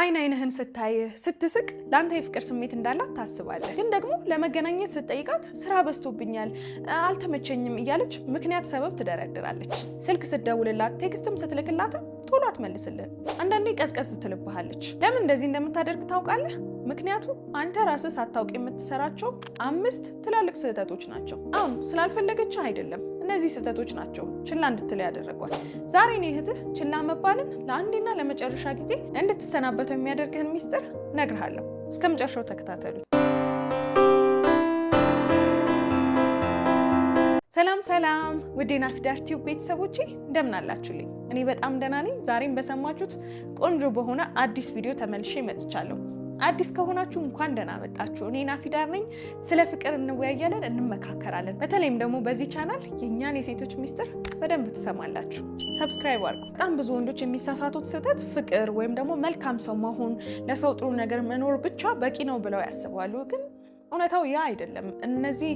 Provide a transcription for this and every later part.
አይን አይንህን ስታይህ ስትስቅ ለአንተ የፍቅር ስሜት እንዳላት ታስባለህ። ግን ደግሞ ለመገናኘት ስትጠይቃት ስራ በዝቶብኛል፣ አልተመቸኝም እያለች ምክንያት ሰበብ ትደረድራለች። ስልክ ስትደውልላት፣ ቴክስትም ስትልክላትም ቶሎ አትመልስልህ። አንዳንዴ ቀዝቀዝ ትልብሃለች። ለምን እንደዚህ እንደምታደርግ ታውቃለህ? ምክንያቱም አንተ ራስህ ሳታውቅ የምትሰራቸው አምስት ትላልቅ ስህተቶች ናቸው። አሁን ስላልፈለገችህ አይደለም እነዚህ ስህተቶች ናቸው ችላ እንድትል ያደረጓት። ዛሬ እኔ እህትህ ችላ መባልን ለአንዴና ለመጨረሻ ጊዜ እንድትሰናበተው የሚያደርግህን ሚስጥር ነግርሃለሁ። እስከ መጨረሻው ተከታተሉ። ሰላም ሰላም፣ ውዴና ናፊዳር ቲዩብ ቤተሰቦቼ እንደምን አላችሁልኝ? እኔ በጣም ደህና ነኝ። ዛሬም በሰማችሁት ቆንጆ በሆነ አዲስ ቪዲዮ ተመልሼ መጥቻለሁ። አዲስ ከሆናችሁ እንኳን ደህና መጣችሁ። እኔ ናፊዳር ነኝ። ስለ ፍቅር እንወያያለን፣ እንመካከራለን። በተለይም ደግሞ በዚህ ቻናል የእኛን የሴቶች ሚስጥር በደንብ ትሰማላችሁ። ሰብስክራይብ አድርጉ። በጣም ብዙ ወንዶች የሚሳሳቱት ስህተት ፍቅር ወይም ደግሞ መልካም ሰው መሆን፣ ለሰው ጥሩ ነገር መኖር ብቻ በቂ ነው ብለው ያስባሉ ግን እውነታው ያ አይደለም። እነዚህ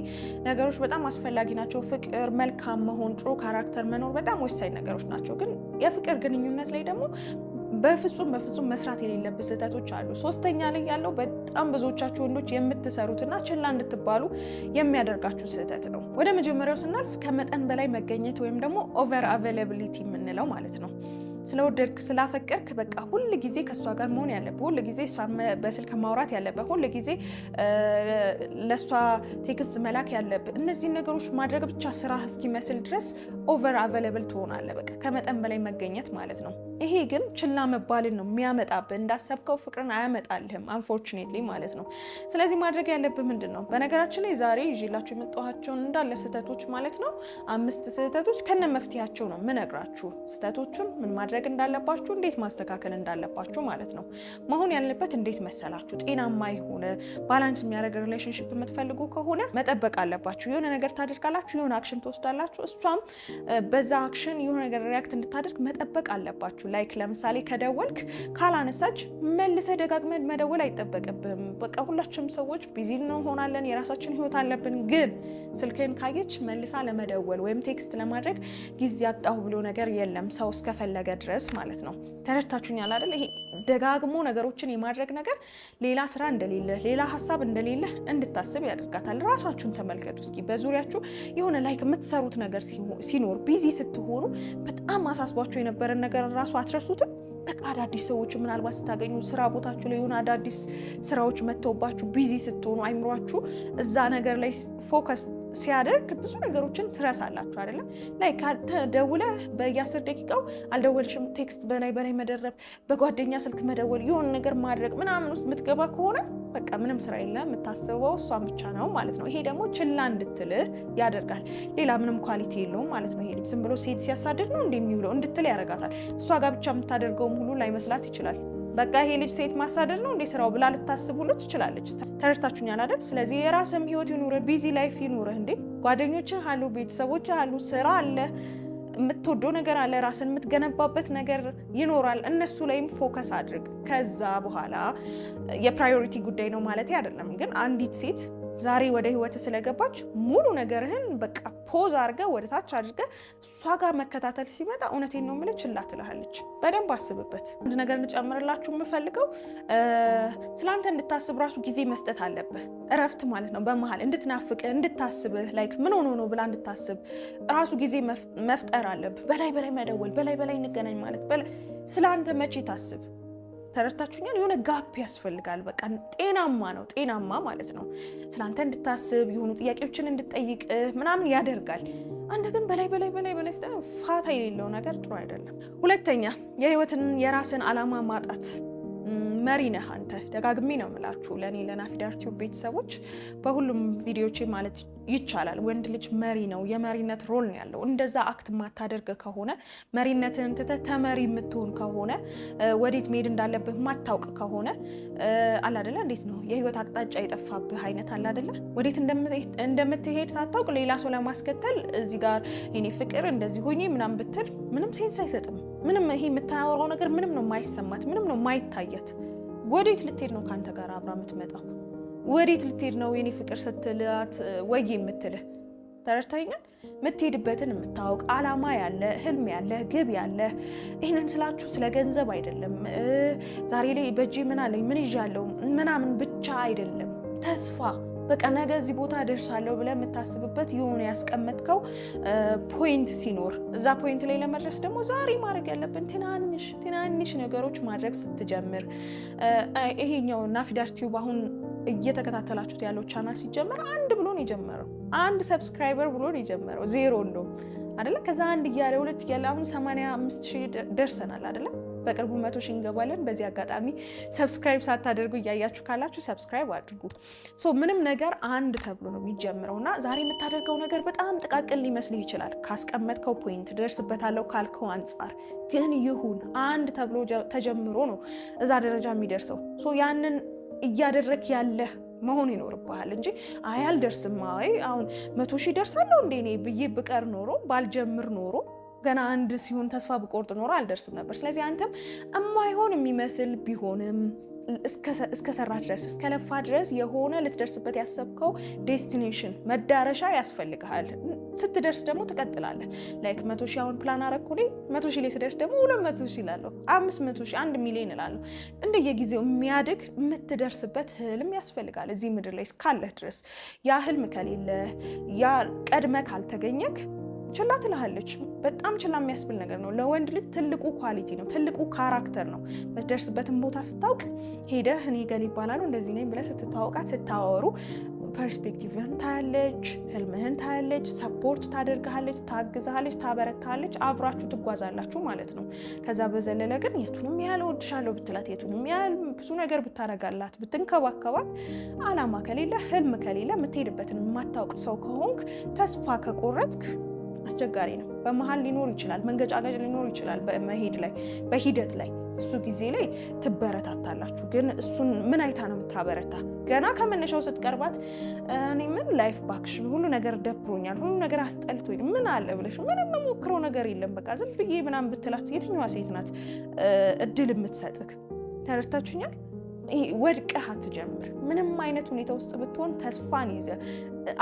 ነገሮች በጣም አስፈላጊ ናቸው። ፍቅር፣ መልካም መሆን፣ ጥሩ ካራክተር መኖር በጣም ወሳኝ ነገሮች ናቸው። ግን የፍቅር ግንኙነት ላይ ደግሞ በፍጹም በፍጹም መስራት የሌለበት ስህተቶች አሉ። ሶስተኛ ላይ ያለው በጣም ብዙዎቻችሁ ወንዶች የምትሰሩትና ችላ እንድትባሉ የሚያደርጋችሁ ስህተት ነው። ወደ መጀመሪያው ስናልፍ ከመጠን በላይ መገኘት ወይም ደግሞ ኦቨር አቬላብሊቲ የምንለው ማለት ነው። ስለወደድክ ስላፈቀርክ በቃ ሁል ጊዜ ከእሷ ጋር መሆን ያለብህ፣ ሁል ጊዜ እሷ በስልክ ማውራት ያለብህ፣ ሁል ጊዜ ለእሷ ቴክስት መላክ ያለብህ፣ እነዚህን ነገሮች ማድረግ ብቻ ስራ እስኪመስል ድረስ ኦቨር አቬለብል ትሆናለህ። በቃ ከመጠን በላይ መገኘት ማለት ነው። ይሄ ግን ችላ መባልን ነው የሚያመጣብህ። እንዳሰብከው ፍቅርን አያመጣልህም፣ አንፎርቹኔትሊ ማለት ነው። ስለዚህ ማድረግ ያለብህ ምንድን ነው? በነገራችን ላይ ዛሬ ይዤላችሁ የመጣኋቸውን እንዳለ ስህተቶች ማለት ነው፣ አምስት ስህተቶች ከነ መፍትሄያቸው ነው ምነግራችሁ። ስህተቶቹን ምን ማድረግ ማድረግ እንዳለባችሁ፣ እንዴት ማስተካከል እንዳለባችሁ ማለት ነው። መሆን ያለበት እንዴት መሰላችሁ? ጤናማ የሆነ ባላንስ የሚያደርግ ሪሌሽንሽፕ የምትፈልጉ ከሆነ መጠበቅ አለባችሁ። የሆነ ነገር ታደርጋላችሁ፣ የሆነ አክሽን ትወስዳላችሁ። እሷም በዛ አክሽን የሆነ ነገር ሪያክት እንድታደርግ መጠበቅ አለባችሁ። ላይክ ለምሳሌ ከደወልክ ካላነሳች መልሰ ደጋግመ መደወል አይጠበቅብህም። በቃ ሁላችንም ሰዎች ቢዚ እንሆናለን፣ የራሳችን ህይወት አለብን። ግን ስልክን ካየች መልሳ ለመደወል ወይም ቴክስት ለማድረግ ጊዜ አጣሁ ብሎ ነገር የለም ሰው እስከፈለገ ድረስ ማለት ነው። ተረድታችሁኛል አይደል? ይሄ ደጋግሞ ነገሮችን የማድረግ ነገር ሌላ ስራ እንደሌለ ሌላ ሀሳብ እንደሌለ እንድታስብ ያደርጋታል። ራሳችሁን ተመልከቱ እስኪ በዙሪያችሁ የሆነ ላይክ የምትሰሩት ነገር ሲኖር ቢዚ ስትሆኑ በጣም አሳስቧቸው የነበረን ነገር ራሱ አትረሱትም። በቃ አዳዲስ ሰዎች ምናልባት ስታገኙ ስራ ቦታችሁ ላይ የሆነ አዳዲስ ስራዎች መጥተውባችሁ ቢዚ ስትሆኑ አይምሯችሁ እዛ ነገር ላይ ፎከስ ሲያደርግ ብዙ ነገሮችን ትረሳላችሁ አይደለም ላይ ደውለህ በየአስር ደቂቃው አልደወልሽም ቴክስት በላይ በላይ መደረብ በጓደኛ ስልክ መደወል የሆን ነገር ማድረግ ምናምን ውስጥ የምትገባ ከሆነ በቃ ምንም ስራ የለ የምታስበው እሷን ብቻ ነው ማለት ነው ይሄ ደግሞ ችላ እንድትልህ ያደርጋል ሌላ ምንም ኳሊቲ የለውም ማለት ነው ይሄ ዝም ብሎ ሴት ሲያሳድድ ነው እንደሚውለው እንድትል ያደርጋታል እሷ ጋር ብቻ የምታደርገውም ሁሉ ላይመስላት ይችላል በቃ ይሄ ልጅ ሴት ማሳደድ ነው እንዴ ስራው ብላ ልታስብ ሁሉ ትችላለች። ተረድታችሁኛል አይደል? ስለዚህ የራስህም ህይወት ይኑርህ፣ ቢዚ ላይፍ ይኑርህ። እንዴ ጓደኞችህ አሉ፣ ቤተሰቦች አሉ፣ ስራ አለ፣ የምትወደው ነገር አለ፣ ራስን የምትገነባበት ነገር ይኖራል። እነሱ ላይም ፎከስ አድርግ። ከዛ በኋላ የፕራዮሪቲ ጉዳይ ነው ማለት አይደለም፣ ግን አንዲት ሴት ዛሬ ወደ ህይወት ስለገባች ሙሉ ነገርህን በቃ ፖዝ አድርገ ወደ ታች አድርገ እሷ ጋር መከታተል ሲመጣ እውነቴን ነው የምልህ ችላ ትልሃለች። በደንብ አስብበት። አንድ ነገር ልጨምርላችሁ የምፈልገው ስለአንተ እንድታስብ ራሱ ጊዜ መስጠት አለብህ። እረፍት ማለት ነው በመሀል እንድትናፍቅህ እንድታስብህ፣ ላይክ ምን ሆኖ ነው ብላ እንድታስብ ራሱ ጊዜ መፍጠር አለብህ። በላይ በላይ መደወል፣ በላይ በላይ እንገናኝ ማለት ስለ አንተ መቼ ታስብ ተረድታችሁኛል። የሆነ ጋፕ ያስፈልጋል። በቃ ጤናማ ነው ጤናማ ማለት ነው። ስለአንተ እንድታስብ የሆኑ ጥያቄዎችን እንድጠይቅ ምናምን ያደርጋል። አንተ ግን በላይ በላይ በላይ በላይ ፋታ የሌለው ነገር ጥሩ አይደለም። ሁለተኛ የህይወትን የራስን አላማ ማጣት መሪ ነህ አንተ። ደጋግሜ ነው የምላችሁ ለእኔ ለናፊዳርቲው ቤተሰቦች በሁሉም ቪዲዮቼ ማለት ይቻላል ወንድ ልጅ መሪ ነው። የመሪነት ሮል ነው ያለው። እንደዛ አክት ማታደርግ ከሆነ መሪነትን ትተህ ተመሪ የምትሆን ከሆነ ወዴት መሄድ እንዳለብህ ማታውቅ ከሆነ አላደለ እንዴት ነው የህይወት አቅጣጫ የጠፋብህ አይነት አላደለ ወዴት እንደምትሄድ ሳታውቅ ሌላ ሰው ለማስከተል እዚህ ጋር እኔ ፍቅር እንደዚህ ሆኜ ምናምን ብትል ምንም ሴንስ አይሰጥም። ምንም ይሄ የምታወራው ነገር ምንም ነው የማይሰማት፣ ምንም ነው የማይታየት። ወዴት ልትሄድ ነው? ከአንተ ጋር አብራ የምትመጣው ወዴት ልትሄድ ነው? የኔ ፍቅር ስትላት ወይ የምትልህ ተረድተኛል። የምትሄድበትን የምታውቅ አላማ ያለ ህልም ያለ ግብ ያለ። ይህንን ስላችሁ ስለ ገንዘብ አይደለም። ዛሬ ላይ በእጄ ምን አለኝ ምን ይዣለሁ ምናምን ብቻ አይደለም ተስፋ በቃ ነገ እዚህ ቦታ ደርሳለሁ ብለህ የምታስብበት የሆነ ያስቀመጥከው ፖይንት ሲኖር እዛ ፖይንት ላይ ለመድረስ ደግሞ ዛሬ ማድረግ ያለብን ትናንሽ ትናንሽ ነገሮች ማድረግ ስትጀምር ይሄኛው ናፊዳር ቲዩብ አሁን እየተከታተላችሁት ያለው ቻናል ሲጀመር አንድ ብሎ የጀመረው። አንድ ሰብስክራይበር ብሎን የጀመረው። ዜሮ እንደውም አደለ ከዛ አንድ እያለ ሁለት እያለ አሁን 85 ሺህ ደርሰናል አደለም በቅርቡ መቶ ሺህ እንገባለን። በዚህ አጋጣሚ ሰብስክራይብ ሳታደርጉ እያያችሁ ካላችሁ ሰብስክራይብ አድርጉ። ሶ ምንም ነገር አንድ ተብሎ ነው የሚጀምረው እና ዛሬ የምታደርገው ነገር በጣም ጥቃቅን ሊመስልህ ይችላል። ካስቀመጥከው ፖይንት ደርስበታለው ካልከው አንጻር ግን ይሁን አንድ ተብሎ ተጀምሮ ነው እዛ ደረጃ የሚደርሰው። ያንን እያደረግ ያለህ መሆን ይኖርብሃል እንጂ አይ አልደርስም፣ አይ አሁን መቶ ሺህ ደርሳለሁ እንዴ እኔ ብዬ ብቀር ኖሮ ባልጀምር ኖሮ ገና አንድ ሲሆን ተስፋ ብቆርጥ ኖሮ አልደርስም ነበር። ስለዚህ አንተም እማይሆን የሚመስል ቢሆንም እስከሰራ ድረስ እስከለፋ ድረስ የሆነ ልትደርስበት ያሰብከው ዴስቲኔሽን መዳረሻ ያስፈልግሃል። ስትደርስ ደግሞ ትቀጥላለህ። ላይክ መቶ ሺህ አሁን ፕላን አረኩ ላይ መቶ ሺህ ላይ ስደርስ ደግሞ ሁለት መቶ ሺህ እላለሁ፣ አምስት መቶ ሺህ አንድ ሚሊዮን እላለሁ። እንደየጊዜው የሚያድግ የምትደርስበት ህልም ያስፈልጋል። እዚህ ምድር ላይ እስካለህ ድረስ ያ ህልም ከሌለህ ያ ቀድመህ ካልተገኘክ ችላ ትልሃለች። በጣም ችላ የሚያስብል ነገር ነው። ለወንድ ልጅ ትልቁ ኳሊቲ ነው፣ ትልቁ ካራክተር ነው። በትደርስበትን ቦታ ስታውቅ ሄደህ እኔ ገል ይባላሉ እንደዚህ ነኝ ብለህ ስትታወቃት ስታወሩ ፐርስፔክቲቭህን ታያለች፣ ህልምህን ታያለች፣ ሰፖርት ታደርግሃለች፣ ታግዝሃለች፣ ታበረታለች፣ አብራችሁ ትጓዛላችሁ ማለት ነው። ከዛ በዘለለ ግን የቱንም ያህል እወድሻለሁ ብትላት፣ የቱንም ያህል ብዙ ነገር ብታረጋላት፣ ብትንከባከባት፣ አላማ ከሌለ ህልም ከሌለ የምትሄድበትን የማታውቅ ሰው ከሆንክ ተስፋ ከቆረጥክ አስቸጋሪ ነው። በመሀል ሊኖር ይችላል፣ መንገጫገጭ ሊኖር ይችላል። በመሄድ ላይ በሂደት ላይ እሱ ጊዜ ላይ ትበረታታላችሁ። ግን እሱን ምን አይታ ነው የምታበረታ? ገና ከመነሻው ስትቀርባት እኔ ምን ላይፍ ባክሽ ሁሉ ነገር ደብሮኛል፣ ሁሉ ነገር አስጠልቶኝ ምን አለ ብለሽ ምንም የምሞክረው ነገር የለም በቃ ዝም ብዬ ምናምን ብትላት የትኛዋ ሴት ናት እድል የምትሰጥክ? ተረድታችሁኛል? ወድቀህ አትጀምር። ምንም አይነት ሁኔታ ውስጥ ብትሆን ተስፋን ይዘህ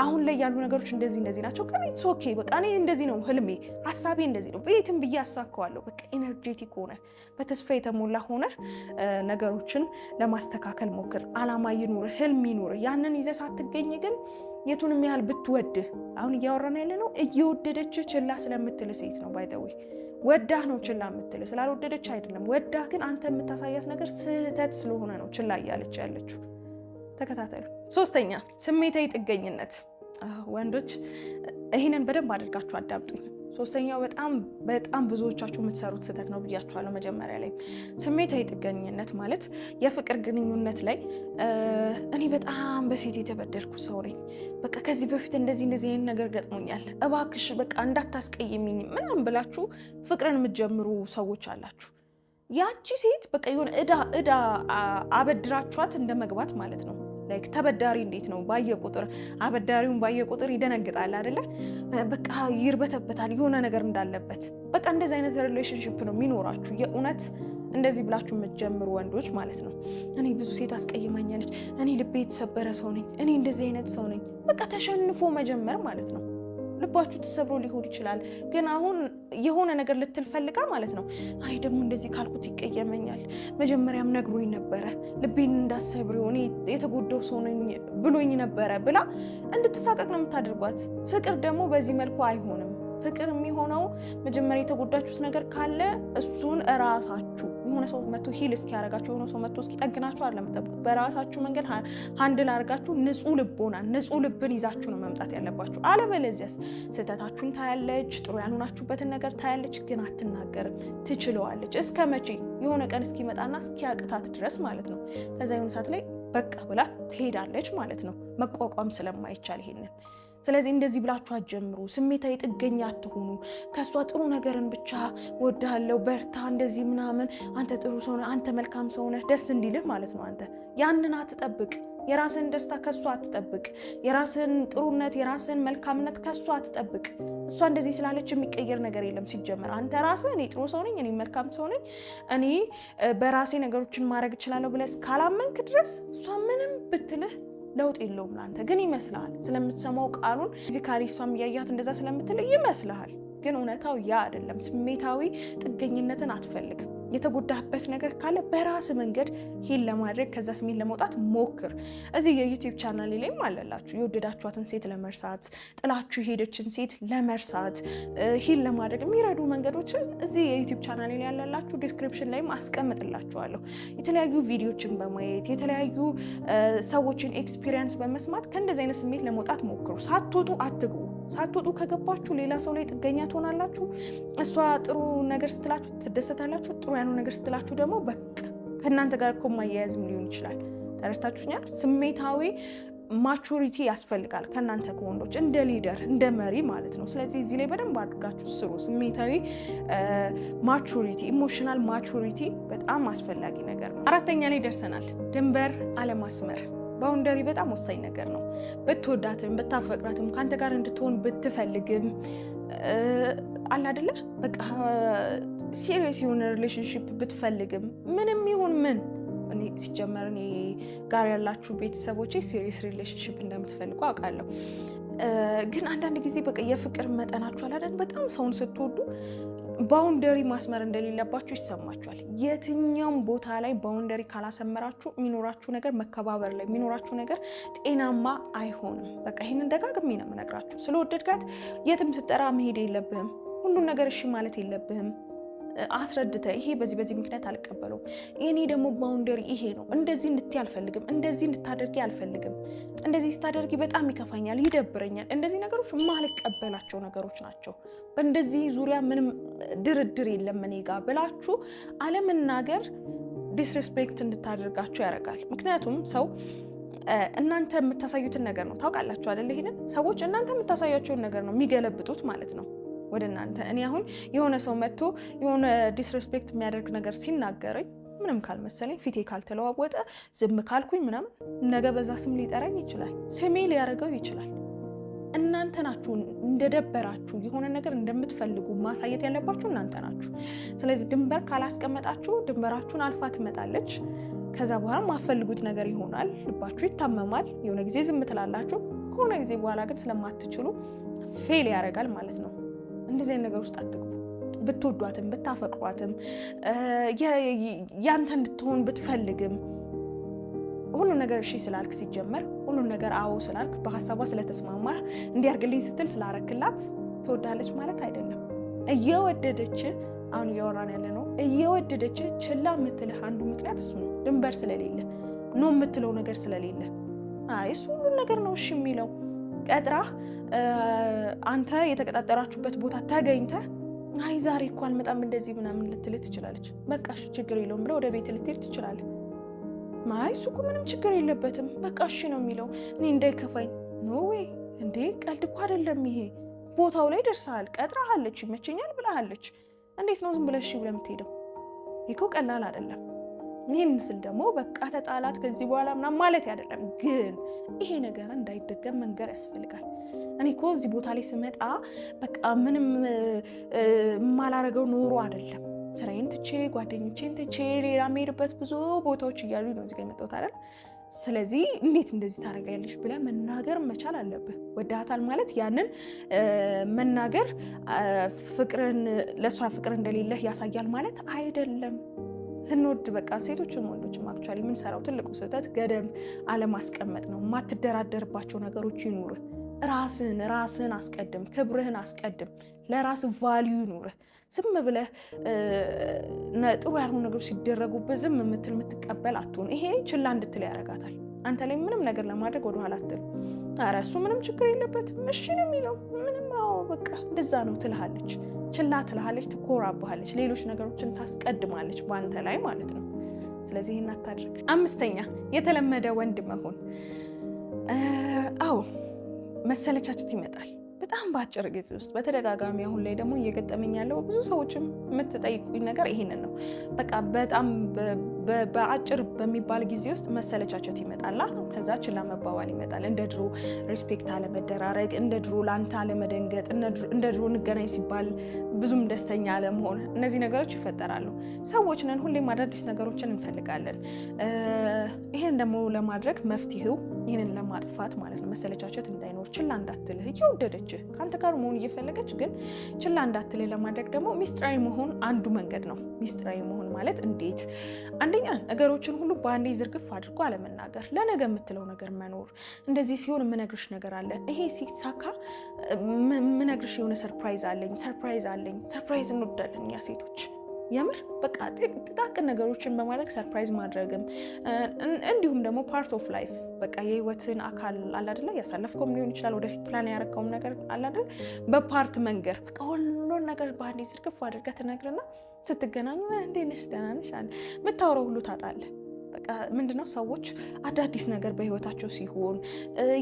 አሁን ላይ ያሉ ነገሮች እንደዚህ እንደዚህ ናቸው፣ ግን ኢትስ ኦኬ በቃ እኔ እንደዚህ ነው ህልሜ፣ ሀሳቤ እንደዚህ ነው፣ ቤትም ብዬ አሳካዋለሁ። በቃ ኤነርጄቲክ ሆነ በተስፋ የተሞላ ሆነ ነገሮችን ለማስተካከል ሞክር። አላማ ይኑር፣ ህልም ይኑር። ያንን ይዘህ ሳትገኝ ግን የቱንም ያህል ብትወድህ፣ አሁን እያወራን ያለ ነው እየወደደች ችላ ስለምትል ሴት ነው ባይተዊ ወዳህ ነው ችላ የምትል ስላልወደደች አይደለም። ወዳህ ግን አንተ የምታሳያት ነገር ስህተት ስለሆነ ነው ችላ እያለች ያለችው። ተከታተሉ። ሶስተኛ ስሜታዊ ጥገኝነት። ወንዶች ይህንን በደንብ አድርጋችሁ አዳምጡኝ። ሶስተኛው በጣም በጣም ብዙዎቻችሁ የምትሰሩት ስህተት ነው ብያችኋለሁ መጀመሪያ ላይ። ስሜታዊ ጥገኝነት ማለት የፍቅር ግንኙነት ላይ እኔ በጣም በሴት የተበደልኩ ሰው ነኝ፣ በቃ ከዚህ በፊት እንደዚህ እንደዚህ አይነት ነገር ገጥሞኛል፣ እባክሽ በቃ እንዳታስቀይሚኝ ምናምን ብላችሁ ፍቅርን የምትጀምሩ ሰዎች አላችሁ። ያቺ ሴት በቃ የሆነ እዳ እዳ አበድራችኋት እንደ መግባት ማለት ነው። ላይክ ተበዳሪ እንዴት ነው ባየ ቁጥር አበዳሪውን ባየ ቁጥር ይደነግጣል አይደለ? በቃ ይርበተበታል የሆነ ነገር እንዳለበት። በቃ እንደዚህ አይነት ሪሌሽንሽፕ ነው የሚኖራችሁ የእውነት እንደዚህ ብላችሁ የምትጀምሩ ወንዶች ማለት ነው። እኔ ብዙ ሴት አስቀይማኛለች፣ እኔ ልቤ የተሰበረ ሰው ነኝ፣ እኔ እንደዚህ አይነት ሰው ነኝ። በቃ ተሸንፎ መጀመር ማለት ነው። ልባችሁ ተሰብሮ ሊሆን ይችላል። ግን አሁን የሆነ ነገር ልትልፈልጋ ማለት ነው። አይ ደግሞ እንደዚህ ካልኩት ይቀየመኛል፣ መጀመሪያም ነግሮኝ ነበረ ልቤን እንዳሰብር ሆን የተጎዳው ሰው ነኝ ብሎኝ ነበረ ብላ እንድትሳቀቅ ነው የምታደርጓት። ፍቅር ደግሞ በዚህ መልኩ አይሆንም። ፍቅር የሚሆነው መጀመሪያ የተጎዳችሁት ነገር ካለ እሱን እራሳችሁ የሆነ ሰው መቶ ሂል እስኪያደርጋቸው የሆነ ሰው መቶ እስኪጠግናቸው አይደለም በራሳችሁ መንገድ ሀንድል አድርጋችሁ ንጹህ ልቦና ንጹህ ልብን ይዛችሁ ነው መምጣት ያለባችሁ። አለበለዚያስ ስህተታችሁን ታያለች፣ ጥሩ ያልሆናችሁበትን ነገር ታያለች፣ ግን አትናገርም። ትችለዋለች። እስከ መቼ? የሆነ ቀን እስኪመጣና እስኪያቅታት ድረስ ማለት ነው። ከዛ የሆነ ሰዓት ላይ በቃ ብላ ትሄዳለች ማለት ነው፣ መቋቋም ስለማይቻል ይሄንን ስለዚህ እንደዚህ ብላችሁ አትጀምሩ። ስሜታዊ ጥገኛ አትሆኑ። ከእሷ ጥሩ ነገርን ብቻ ወዳለው በርታ፣ እንደዚህ ምናምን፣ አንተ ጥሩ ሰው ነህ፣ አንተ መልካም ሰው ነህ፣ ደስ እንዲልህ ማለት ነው። አንተ ያንን አትጠብቅ። የራስን ደስታ ከእሷ አትጠብቅ። የራስን ጥሩነት፣ የራስን መልካምነት ከእሷ አትጠብቅ። እሷ እንደዚህ ስላለች የሚቀየር ነገር የለም። ሲጀመር አንተ ራስህ እኔ ጥሩ ሰው ነኝ፣ እኔ መልካም ሰው ነኝ፣ እኔ በራሴ ነገሮችን ማድረግ እችላለሁ ብለህ እስካላመንክ ድረስ እሷ ምንም ብትልህ ለውጥ የለውም ለአንተ ግን ይመስልሃል። ስለምትሰማው ቃሉን ፊዚካሊ እሷም እያያት እንደዛ ስለምትል ይመስልሃል፣ ግን እውነታው ያ አይደለም። ስሜታዊ ጥገኝነትን አትፈልግም። የተጎዳህበት ነገር ካለ በራስ መንገድ ሂል ለማድረግ ከዛ ስሜት ለመውጣት ሞክር። እዚህ የዩቲዩብ ቻናል ላይም አለላችሁ የወደዳችኋትን ሴት ለመርሳት፣ ጥላችሁ የሄደችን ሴት ለመርሳት ሂል ለማድረግ የሚረዱ መንገዶችን እዚህ የዩቲዩብ ቻናል ላይ ያለላችሁ ዲስክሪፕሽን ላይም አስቀምጥላችኋለሁ። የተለያዩ ቪዲዮችን በማየት የተለያዩ ሰዎችን ኤክስፒሪየንስ በመስማት ከእንደዚህ አይነት ስሜት ለመውጣት ሞክሩ። ሳትወጡ አትግቡ። ሳትወጡ ከገባችሁ ሌላ ሰው ላይ ጥገኛ ትሆናላችሁ። እሷ ጥሩ ነገር ስትላችሁ ትደሰታላችሁ፣ ጥሩ ያኑ ነገር ስትላችሁ ደግሞ በቃ ከእናንተ ጋር እኮ ማያያዝም ሊሆን ይችላል። ተረድታችሁኛል? ስሜታዊ ማቹሪቲ ያስፈልጋል ከእናንተ ከወንዶች እንደ ሊደር እንደ መሪ ማለት ነው። ስለዚህ እዚህ ላይ በደንብ አድርጋችሁ ስሩ። ስሜታዊ ማቹሪቲ፣ ኢሞሽናል ማቹሪቲ በጣም አስፈላጊ ነገር ነው። አራተኛ ላይ ደርሰናል። ድንበር አለማስመር ባውንደሪ በጣም ወሳኝ ነገር ነው። ብትወዳትም ብታፈቅራትም ከአንተ ጋር እንድትሆን ብትፈልግም አለ አይደለ በቃ ሲሪየስ የሆነ ሪሌሽንሽፕ ብትፈልግም ምንም ይሁን ምን እኔ ሲጀመር እኔ ጋር ያላችሁ ቤተሰቦች ሲሪየስ ሪሌሽንሽፕ እንደምትፈልጉ አውቃለሁ። ግን አንዳንድ ጊዜ በቃ የፍቅር መጠናችሁ አላደን በጣም ሰውን ስትወዱ ባውንደሪ ማስመር እንደሌለባችሁ ይሰማችኋል። የትኛውም ቦታ ላይ ባውንደሪ ካላሰመራችሁ የሚኖራችሁ ነገር መከባበር ላይ የሚኖራችሁ ነገር ጤናማ አይሆንም። በቃ ይህንን ደጋግሜ ነው የምነግራችሁ። ስለወደድካት የትም ስጠራ መሄድ የለብህም። ሁሉን ነገር እሺ ማለት የለብህም። አስረድተ ይሄ በዚህ በዚህ ምክንያት አልቀበለውም፣ እኔ ደግሞ ባውንደሪ ይሄ ነው፣ እንደዚህ እንድትይ አልፈልግም፣ እንደዚህ እንድታደርጊ አልፈልግም፣ እንደዚህ ስታደርጊ በጣም ይከፋኛል፣ ይደብረኛል። እንደዚህ ነገሮች ማልቀበላቸው ነገሮች ናቸው። በእንደዚህ ዙሪያ ምንም ድርድር የለም እኔ ጋ ብላችሁ አለመናገር ዲስሬስፔክት እንድታደርጋቸው ያደርጋል። ምክንያቱም ሰው እናንተ የምታሳዩትን ነገር ነው ታውቃላችሁ አደለ ይሄንን ሰዎች እናንተ የምታሳያቸውን ነገር ነው የሚገለብጡት ማለት ነው። ወደ እናንተ። እኔ አሁን የሆነ ሰው መጥቶ የሆነ ዲስሬስፔክት የሚያደርግ ነገር ሲናገረኝ ምንም ካልመሰለኝ ፊቴ ካልተለዋወጠ ዝም ካልኩኝ ምናምን ነገ በዛ ስም ሊጠራኝ ይችላል፣ ስሜ ሊያደርገው ይችላል። እናንተ ናችሁ እንደደበራችሁ የሆነ ነገር እንደምትፈልጉ ማሳየት ያለባችሁ እናንተ ናችሁ። ስለዚህ ድንበር ካላስቀመጣችሁ ድንበራችሁን አልፋ ትመጣለች። ከዛ በኋላ ማፈልጉት ነገር ይሆናል። ልባችሁ ይታመማል። የሆነ ጊዜ ዝም ትላላችሁ። ከሆነ ጊዜ በኋላ ግን ስለማትችሉ ፌል ያደርጋል ማለት ነው። እንደዚህ አይነት ነገር ውስጥ አትግቡ። ብትወዷትም ብታፈቅሯትም ያንተ እንድትሆን ብትፈልግም ሁሉን ነገር እሺ ስላልክ ሲጀመር ሁሉን ነገር አዎ ስላልክ በሀሳቧ ስለተስማማ እንዲያርግልኝ ስትል ስላረክላት ትወዳለች ማለት አይደለም። እየወደደች አሁን እያወራን ያለ ነው። እየወደደች ችላ የምትልህ አንዱ ምክንያት እሱ ነው። ድንበር ስለሌለ ነው የምትለው ነገር ስለሌለ፣ አይ እሱ ሁሉን ነገር ነው እሺ የሚለው ቀጥራህ አንተ የተቀጣጠራችሁበት ቦታ ተገኝተህ አይ ዛሬ እኮ አልመጣም እንደዚህ ምናምን ልትል ትችላለች። በቃሽ ችግር የለውም ብለህ ወደ ቤት ልትሄድ ትችላለህ። አይ እሱ እኮ ምንም ችግር የለበትም በቃ እሺ ነው የሚለው እኔ እንዳይከፋኝ። ኖ ዌይ እንዴ ቀልድ እኮ አይደለም ይሄ። ቦታው ላይ ደርሰሃል፣ ቀጥራሃለች፣ ይመቸኛል ብላሃለች። እንዴት ነው ዝም ብለሽ ብለህ የምትሄደው? ይህ ቀላል አይደለም። ይህን ስል ደግሞ በቃ ተጣላት ከዚህ በኋላ ምናምን ማለት አይደለም፣ ግን ይሄ ነገር እንዳይደገም መንገር ያስፈልጋል። እኔ እኮ እዚህ ቦታ ላይ ስመጣ በቃ ምንም የማላረገው ኖሮ አይደለም። ስራዬን ትቼ ጓደኞቼን ትቼ ሌላ የምሄድበት ብዙ ቦታዎች እያሉ ነው እዚጋ የመጣሁት አይደል። ስለዚህ እንዴት እንደዚህ ታደርጋለሽ ብለህ መናገር መቻል አለብህ። ወዳታል ማለት ያንን መናገር ፍቅርን ለእሷ ፍቅር እንደሌለህ ያሳያል ማለት አይደለም። ስንወድ በቃ ሴቶችን ወንዶችም አክቹዋሊ የምንሰራው ትልቁ ስህተት ገደብ አለማስቀመጥ ነው። የማትደራደርባቸው ነገሮች ይኑር። ራስህን ራስህን አስቀድም፣ ክብርህን አስቀድም። ለራስ ቫሊዩ ይኑርህ። ዝም ብለህ ጥሩ ያልሆኑ ነገሮች ሲደረጉብህ ዝም የምትል የምትቀበል አትሆን። ይሄ ችላ እንድትል ያደርጋታል። አንተ ላይ ምንም ነገር ለማድረግ ወደኋላ አትል። ኧረ እሱ ምንም ችግር የለበትም እሺ ነው የሚለው ምንም፣ አዎ በቃ እንደዛ ነው ትልሃለች። ችላ ትልሃለች፣ ትኮራብሃለች፣ ሌሎች ነገሮችን ታስቀድማለች በአንተ ላይ ማለት ነው። ስለዚህ ይህን አታድርግ። አምስተኛ የተለመደ ወንድ መሆን። አዎ መሰለቻችት ይመጣል በጣም በአጭር ጊዜ ውስጥ በተደጋጋሚ አሁን ላይ ደግሞ እየገጠመኝ ያለው ብዙ ሰዎችም የምትጠይቁኝ ነገር ይሄንን ነው። በቃ በጣም በአጭር በሚባል ጊዜ ውስጥ መሰለቻቸት ይመጣላ። ከዛ ችላ መባባል ይመጣል። እንደ ድሮ ሪስፔክት አለመደራረግ፣ እንደ ድሮ ላንተ አለመደንገጥ፣ እንደ ድሮ እንገናኝ ሲባል ብዙም ደስተኛ አለመሆን፣ እነዚህ ነገሮች ይፈጠራሉ። ሰዎች ነን፣ ሁሌም አዳዲስ ነገሮችን እንፈልጋለን። ይሄን ደግሞ ለማድረግ መፍትሄው ይህንን ለማጥፋት ማለት ነው መሰለቻቸት እንዳይኖር ችላ እንዳትልህ እየወደደች ከአንተ ጋር መሆን እየፈለገች ግን ችላ እንዳትልህ ለማድረግ ደግሞ ሚስጥራዊ መሆን አንዱ መንገድ ነው። ሚስጥራዊ መሆን ማለት እንዴት? አንደኛ ነገሮችን ሁሉ በአንዴ ዝርግፍ አድርጎ አለመናገር፣ ለነገ የምትለው ነገር መኖር። እንደዚህ ሲሆን የምነግርሽ ነገር አለ፣ ይሄ ሲሳካ የምነግርሽ የሆነ ሰርፕራይዝ አለኝ፣ ሰርፕራይዝ አለኝ። ሰርፕራይዝ እንወዳለን እኛ ሴቶች የምር በቃ ጥቃቅን ነገሮችን በማድረግ ሰርፕራይዝ ማድረግም እንዲሁም ደግሞ ፓርት ኦፍ ላይፍ በቃ የህይወትን አካል አላደለ ያሳለፍከውም ሊሆን ይችላል። ወደፊት ፕላን ያረከውም ነገር አላደለ በፓርት መንገር በቃ ሁሉን ነገር በአንዴ ዝርግፍ አድርገህ ትነግርና ስትገናኙ እንዴት ነሽ ደህና ነሽ አለ። የምታወራው ሁሉ ታጣለህ። በቃ ምንድነው ሰዎች አዳዲስ ነገር በህይወታቸው ሲሆን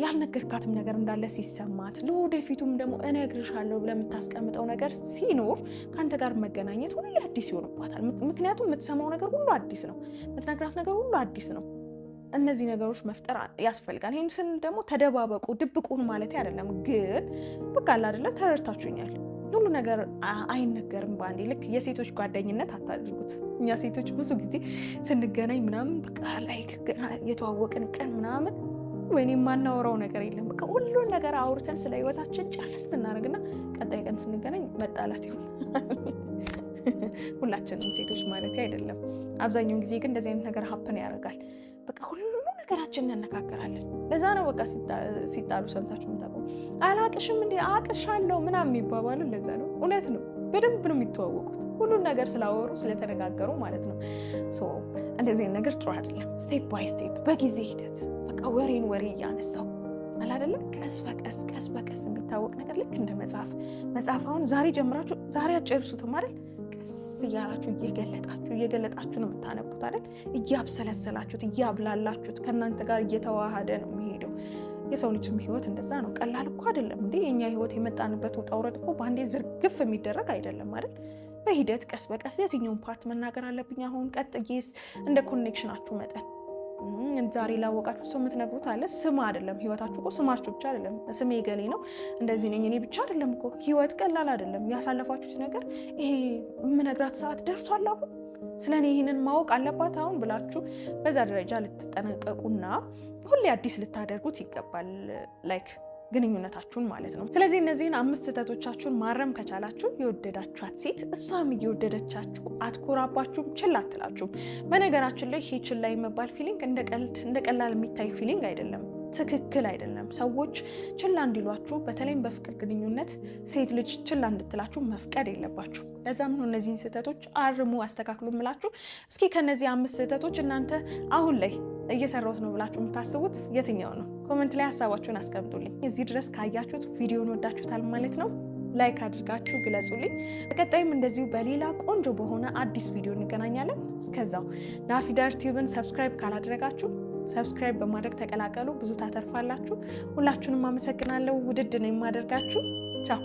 ያልነገርካትም ነገር እንዳለ ሲሰማት ለወደፊቱም ደግሞ እነግርሻለሁ ብለህ የምታስቀምጠው ነገር ሲኖር ከአንተ ጋር መገናኘት ሁሉ አዲስ ይሆንባታል። ምክንያቱም የምትሰማው ነገር ሁሉ አዲስ ነው፣ የምትነግራት ነገር ሁሉ አዲስ ነው። እነዚህ ነገሮች መፍጠር ያስፈልጋል። ይህን ስንል ደግሞ ተደባበቁ፣ ድብቁን ማለት አይደለም፣ ግን በቃ አይደለ ተረድታችሁኛል። ሁሉ ነገር አይነገርም በአንዴ። ልክ የሴቶች ጓደኝነት አታድርጉት። እኛ ሴቶች ብዙ ጊዜ ስንገናኝ ምናምን በቃ ላይክ የተዋወቅን ቀን ምናምን ወይኔ የማናወራው ነገር የለም። በቃ ሁሉን ነገር አውርተን ስለ ህይወታችን ጨርስ ስናደርግና ቀጣይ ቀን ስንገናኝ መጣላት ይሆን። ሁላችንም ሴቶች ማለት አይደለም። አብዛኛውን ጊዜ ግን እንደዚህ አይነት ነገር ሀፕን ያደርጋል። በቃ ሁሉ ነገራችን እንነካከራለን። ለዛ ነው በቃ ሲጣሉ ሰምታችሁ ምታቁ አላቅሽም እንዴ አቅሻለሁ ምናምን የሚባባሉ ለዛ ነው። እውነት ነው። በደንብ ነው የሚተዋወቁት ሁሉን ነገር ስላወሩ ስለተነጋገሩ ማለት ነው። እንደዚህ ነገር ጥሩ አይደለም። ስቴፕ ባይ ስቴፕ በጊዜ ሂደት በቃ ወሬን ወሬ እያነሳው አላደለም ቀስ በቀስ ቀስ በቀስ የሚታወቅ ነገር ልክ እንደ መጽሐፍ መጽሐፍ አሁን ዛሬ ጀምራችሁ ዛሬ አጨርሱትም አይደል ቀስ እያላችሁ እየገለጣችሁ እየገለጣችሁ ነው የምታነቡት አይደል? እያብሰለሰላችሁት እያብላላችሁት ከእናንተ ጋር እየተዋሃደ ነው የሚሄደው። የሰው ልጅም ህይወት እንደዛ ነው። ቀላል እኮ አይደለም እንዴ! የእኛ ህይወት የመጣንበት ውጣ ውረድ እኮ በአንዴ ዝርግፍ የሚደረግ አይደለም አይደል? በሂደት ቀስ በቀስ የትኛውን ፓርት መናገር አለብኝ አሁን ቀጥዬስ፣ እንደ ኮኔክሽናችሁ መጠን ዛሬ ላወቃችሁ ሰው የምትነግሩት አለ። ስም አይደለም ህይወታችሁ እኮ ስማችሁ ብቻ አይደለም። ስሜ ገሌ ነው እንደዚህ ነኝ እኔ ብቻ አይደለም እኮ ህይወት ቀላል አይደለም። ያሳለፋችሁት ነገር ይሄ የምነግራት ሰዓት ደርሷል አሁን ስለ እኔ ይህንን ማወቅ አለባት አሁን ብላችሁ በዛ ደረጃ ልትጠነቀቁና ሁሌ አዲስ ልታደርጉት ይገባል ላይክ ግንኙነታችሁን ማለት ነው። ስለዚህ እነዚህን አምስት ስህተቶቻችሁን ማረም ከቻላችሁ የወደዳችኋት ሴት እሷም እየወደደቻችሁ አትኮራባችሁም፣ ችላ አትላችሁም። በነገራችን ላይ ይሄ ችላ የመባል ፊሊንግ እንደ ቀልድ እንደ ቀላል የሚታይ ፊሊንግ አይደለም። ትክክል አይደለም። ሰዎች ችላ እንዲሏችሁ በተለይም በፍቅር ግንኙነት ሴት ልጅ ችላ እንድትላችሁ መፍቀድ የለባችሁ። ለዛም ነው እነዚህን ስህተቶች አርሙ፣ አስተካክሉ የምላችሁ። እስኪ ከነዚህ አምስት ስህተቶች እናንተ አሁን ላይ እየሰራሁት ነው ብላችሁ የምታስቡት የትኛው ነው? ኮመንት ላይ ሀሳባችሁን አስቀምጡልኝ። እዚህ ድረስ ካያችሁት ቪዲዮን ወዳችሁታል ማለት ነው። ላይክ አድርጋችሁ ግለጹልኝ። በቀጣይም እንደዚሁ በሌላ ቆንጆ በሆነ አዲስ ቪዲዮ እንገናኛለን። እስከዛው ናፊዳር ቲዩብን ሰብስክራይብ ካላደረጋችሁ ሰብስክራይብ በማድረግ ተቀላቀሉ። ብዙ ታተርፋላችሁ። ሁላችሁንም አመሰግናለሁ። ውድድ ነው የማደርጋችሁ። ቻው